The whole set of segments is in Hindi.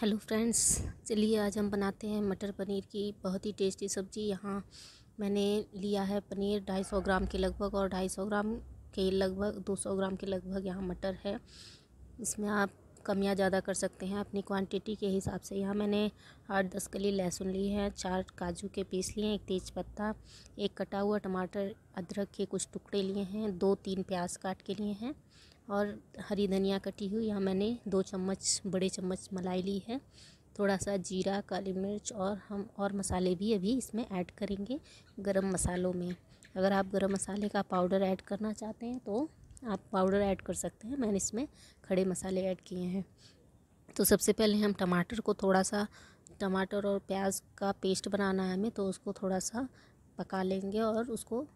हेलो फ्रेंड्स चलिए आज हम बनाते हैं मटर पनीर की बहुत ही टेस्टी सब्ज़ी यहाँ मैंने लिया है पनीर 250 ग्राम के लगभग और 250 ग्राम के लगभग 200 ग्राम के लगभग यहाँ मटर है इसमें आप कमियाँ ज़्यादा कर सकते हैं अपनी क्वांटिटी के हिसाब से यहाँ मैंने आठ दस कली लहसुन ली है चार काजू के पीस लिए हैं एक तेज पत्ता एक कटा हुआ टमाटर अदरक के कुछ टुकड़े लिए हैं दो तीन प्याज काट के लिए हैं और हरी धनिया कटी हुई यहाँ मैंने दो चम्मच बड़े चम्मच मलाई ली है थोड़ा सा जीरा काली मिर्च और हम और मसाले भी अभी इसमें ऐड करेंगे गरम मसालों में अगर आप गरम मसाले का पाउडर ऐड करना चाहते हैं तो आप पाउडर ऐड कर सकते हैं मैंने इसमें खड़े मसाले ऐड किए हैं तो सबसे पहले हम टमाटर को थोड़ा सा टमाटर और प्याज का पेस्ट बनाना है हमें तो उसको थोड़ा सा पका लेंगे और उसको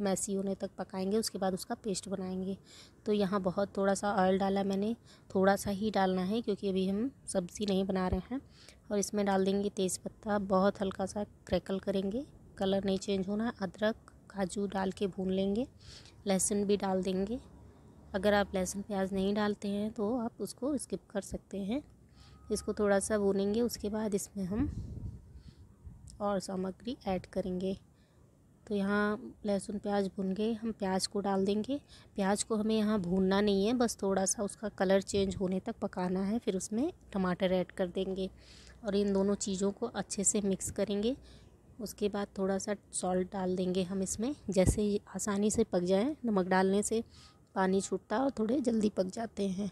मैसी होने तक पकाएंगे उसके बाद उसका पेस्ट बनाएंगे तो यहाँ बहुत थोड़ा सा ऑयल डाला मैंने थोड़ा सा ही डालना है क्योंकि अभी हम सब्ज़ी नहीं बना रहे हैं और इसमें डाल देंगे तेज़पत्ता बहुत हल्का सा क्रैकल करेंगे कलर नहीं चेंज होना अदरक काजू डाल के भून लेंगे लहसुन भी डाल देंगे अगर आप लहसुन प्याज नहीं डालते हैं तो आप उसको स्किप कर सकते हैं इसको थोड़ा सा भूनेंगे उसके बाद इसमें हम और सामग्री ऐड करेंगे तो यहाँ लहसुन प्याज भून गए हम प्याज को डाल देंगे प्याज को हमें यहाँ भूनना नहीं है बस थोड़ा सा उसका कलर चेंज होने तक पकाना है फिर उसमें टमाटर ऐड कर देंगे और इन दोनों चीज़ों को अच्छे से मिक्स करेंगे उसके बाद थोड़ा सा सॉल्ट डाल देंगे हम इसमें जैसे आसानी से पक जाए नमक डालने से पानी छूटता है और थोड़े जल्दी पक जाते हैं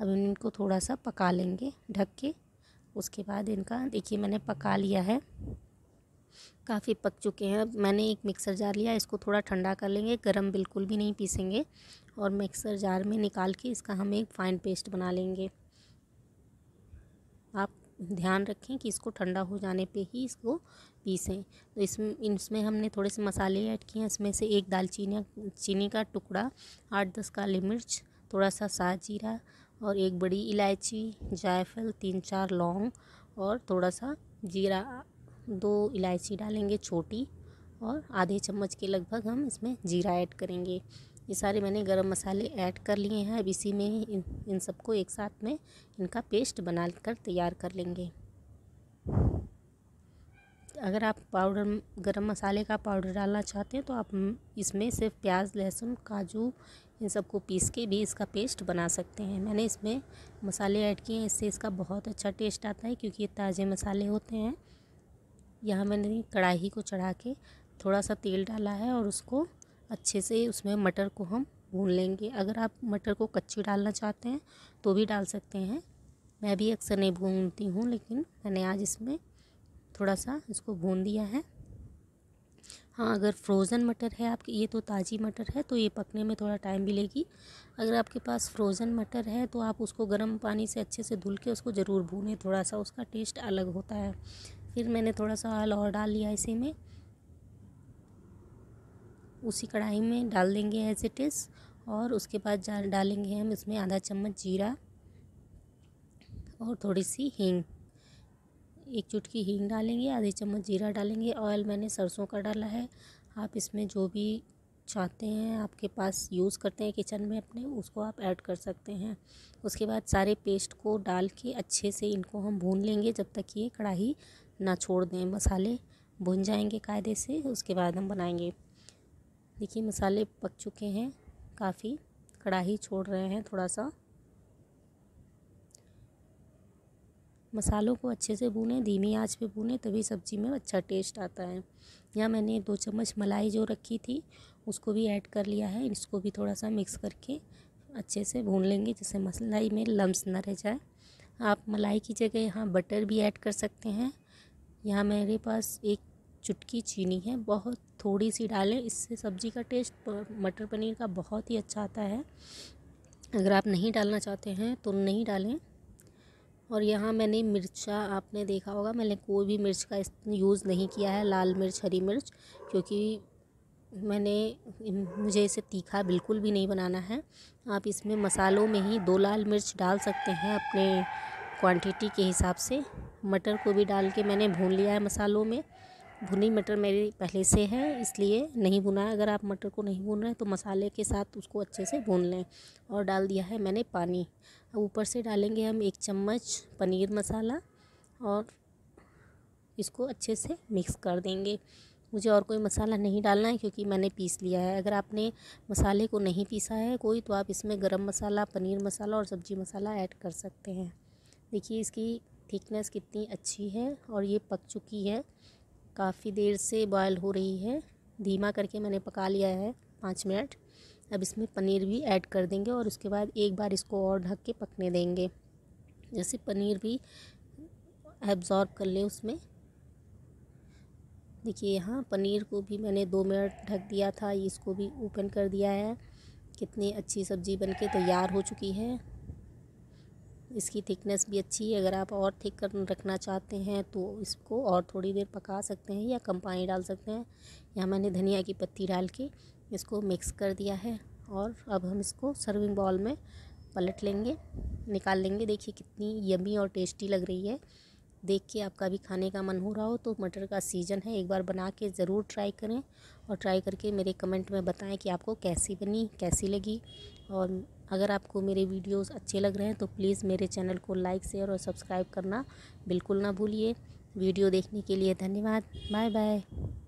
अब इनको थोड़ा सा पका लेंगे ढक के उसके बाद इनका देखिए मैंने पका लिया है काफ़ी पक चुके हैं मैंने एक मिक्सर जार लिया इसको थोड़ा ठंडा कर लेंगे गरम बिल्कुल भी नहीं पीसेंगे और मिक्सर जार में निकाल के इसका हम एक फाइन पेस्ट बना लेंगे आप ध्यान रखें कि इसको ठंडा हो जाने पे ही इसको पीसें तो इसमें इसमें हमने थोड़े से मसाले ऐड किए हैं इसमें से एक दालचीनी चीनी का टुकड़ा आठ दस काली मिर्च थोड़ा सा सा जीरा और एक बड़ी इलायची जायफल तीन चार लौंग और थोड़ा सा जीरा दो इलायची डालेंगे छोटी और आधे चम्मच के लगभग हम इसमें जीरा ऐड करेंगे ये सारे मैंने गरम मसाले ऐड कर लिए हैं अब इसी में इन इन सबको एक साथ में इनका पेस्ट बना कर तैयार कर लेंगे अगर आप पाउडर गरम मसाले का पाउडर डालना चाहते हैं तो आप इसमें सिर्फ प्याज लहसुन काजू इन सबको पीस के भी इसका पेस्ट बना सकते हैं मैंने इसमें मसाले ऐड किए हैं इससे इसका बहुत अच्छा टेस्ट आता है क्योंकि ये ताज़े मसाले होते हैं यहाँ मैंने कढ़ाई को चढ़ा के थोड़ा सा तेल डाला है और उसको अच्छे से उसमें मटर को हम भून लेंगे अगर आप मटर को कच्ची डालना चाहते हैं तो भी डाल सकते हैं मैं भी अक्सर नहीं भूनती हूँ लेकिन मैंने आज इसमें थोड़ा सा इसको भून दिया है हाँ अगर फ्रोज़न मटर है आपके ये तो ताज़ी मटर है तो ये पकने में थोड़ा टाइम भी लेगी अगर आपके पास फ्रोज़न मटर है तो आप उसको गर्म पानी से अच्छे से धुल के उसको ज़रूर भूनें थोड़ा सा उसका टेस्ट अलग होता है फिर मैंने थोड़ा सा ऑयल और डाल लिया इसी में उसी कढ़ाई में डाल देंगे एज इट इज़ और उसके बाद डालेंगे हम इसमें आधा चम्मच जीरा और थोड़ी सी हींग एक चुटकी हींग डालेंगे आधे चम्मच जीरा डालेंगे ऑयल मैंने सरसों का डाला है आप इसमें जो भी चाहते हैं आपके पास यूज़ करते हैं किचन में अपने उसको आप ऐड कर सकते हैं उसके बाद सारे पेस्ट को डाल के अच्छे से इनको हम भून लेंगे जब तक ये कढ़ाई ना छोड़ दें मसाले भुन जाएंगे कायदे से उसके बाद हम बनाएंगे देखिए मसाले पक चुके हैं काफ़ी कढ़ाई छोड़ रहे हैं थोड़ा सा मसालों को अच्छे से भूनें धीमी आंच पे भूनें तभी सब्ज़ी में अच्छा टेस्ट आता है यहाँ मैंने दो चम्मच मलाई जो रखी थी उसको भी ऐड कर लिया है इसको भी थोड़ा सा मिक्स करके अच्छे से भून लेंगे जिससे मसलाई में लम्स ना रह जाए आप मलाई की जगह यहाँ बटर भी ऐड कर सकते हैं यहाँ मेरे पास एक चुटकी चीनी है बहुत थोड़ी सी डालें इससे सब्ज़ी का टेस्ट मटर पनीर का बहुत ही अच्छा आता है अगर आप नहीं डालना चाहते हैं तो नहीं डालें और यहाँ मैंने मिर्चा आपने देखा होगा मैंने कोई भी मिर्च का यूज़ नहीं किया है लाल मिर्च हरी मिर्च क्योंकि मैंने मुझे इसे तीखा बिल्कुल भी नहीं बनाना है आप इसमें मसालों में ही दो लाल मिर्च डाल सकते हैं अपने क्वांटिटी के हिसाब से मटर को भी डाल के मैंने भून लिया है मसालों में भुनी मटर मेरी पहले से है इसलिए नहीं भुना है अगर आप मटर को नहीं भून रहे हैं तो मसाले के साथ उसको अच्छे से भून लें और डाल दिया है मैंने पानी अब ऊपर से डालेंगे हम एक चम्मच पनीर मसाला और इसको अच्छे से मिक्स कर देंगे मुझे और कोई मसाला नहीं डालना है क्योंकि मैंने पीस लिया है अगर आपने मसाले को नहीं पीसा है कोई तो आप इसमें गरम मसाला पनीर मसाला और सब्ज़ी मसाला ऐड कर सकते हैं देखिए इसकी थिकनेस कितनी अच्छी है और ये पक चुकी है काफ़ी देर से बॉयल हो रही है धीमा करके मैंने पका लिया है पाँच मिनट अब इसमें पनीर भी ऐड कर देंगे और उसके बाद एक बार इसको और ढक के पकने देंगे जैसे पनीर भी एब्ज़ॉर्ब कर ले उसमें देखिए यहाँ पनीर को भी मैंने दो मिनट ढक दिया था इसको भी ओपन कर दिया है कितनी अच्छी सब्ज़ी बनके तैयार हो चुकी है इसकी थिकनेस भी अच्छी है अगर आप और थिक कर रखना चाहते हैं तो इसको और थोड़ी देर पका सकते हैं या कम पानी डाल सकते हैं यहाँ मैंने धनिया की पत्ती डाल के इसको मिक्स कर दिया है और अब हम इसको सर्विंग बॉल में पलट लेंगे निकाल लेंगे देखिए कितनी यमी और टेस्टी लग रही है देख के आपका भी खाने का मन हो रहा हो तो मटर का सीज़न है एक बार बना के ज़रूर ट्राई करें और ट्राई करके मेरे कमेंट में बताएं कि आपको कैसी बनी कैसी लगी और अगर आपको मेरे वीडियोस अच्छे लग रहे हैं तो प्लीज़ मेरे चैनल को लाइक शेयर और सब्सक्राइब करना बिल्कुल ना भूलिए वीडियो देखने के लिए धन्यवाद बाय बाय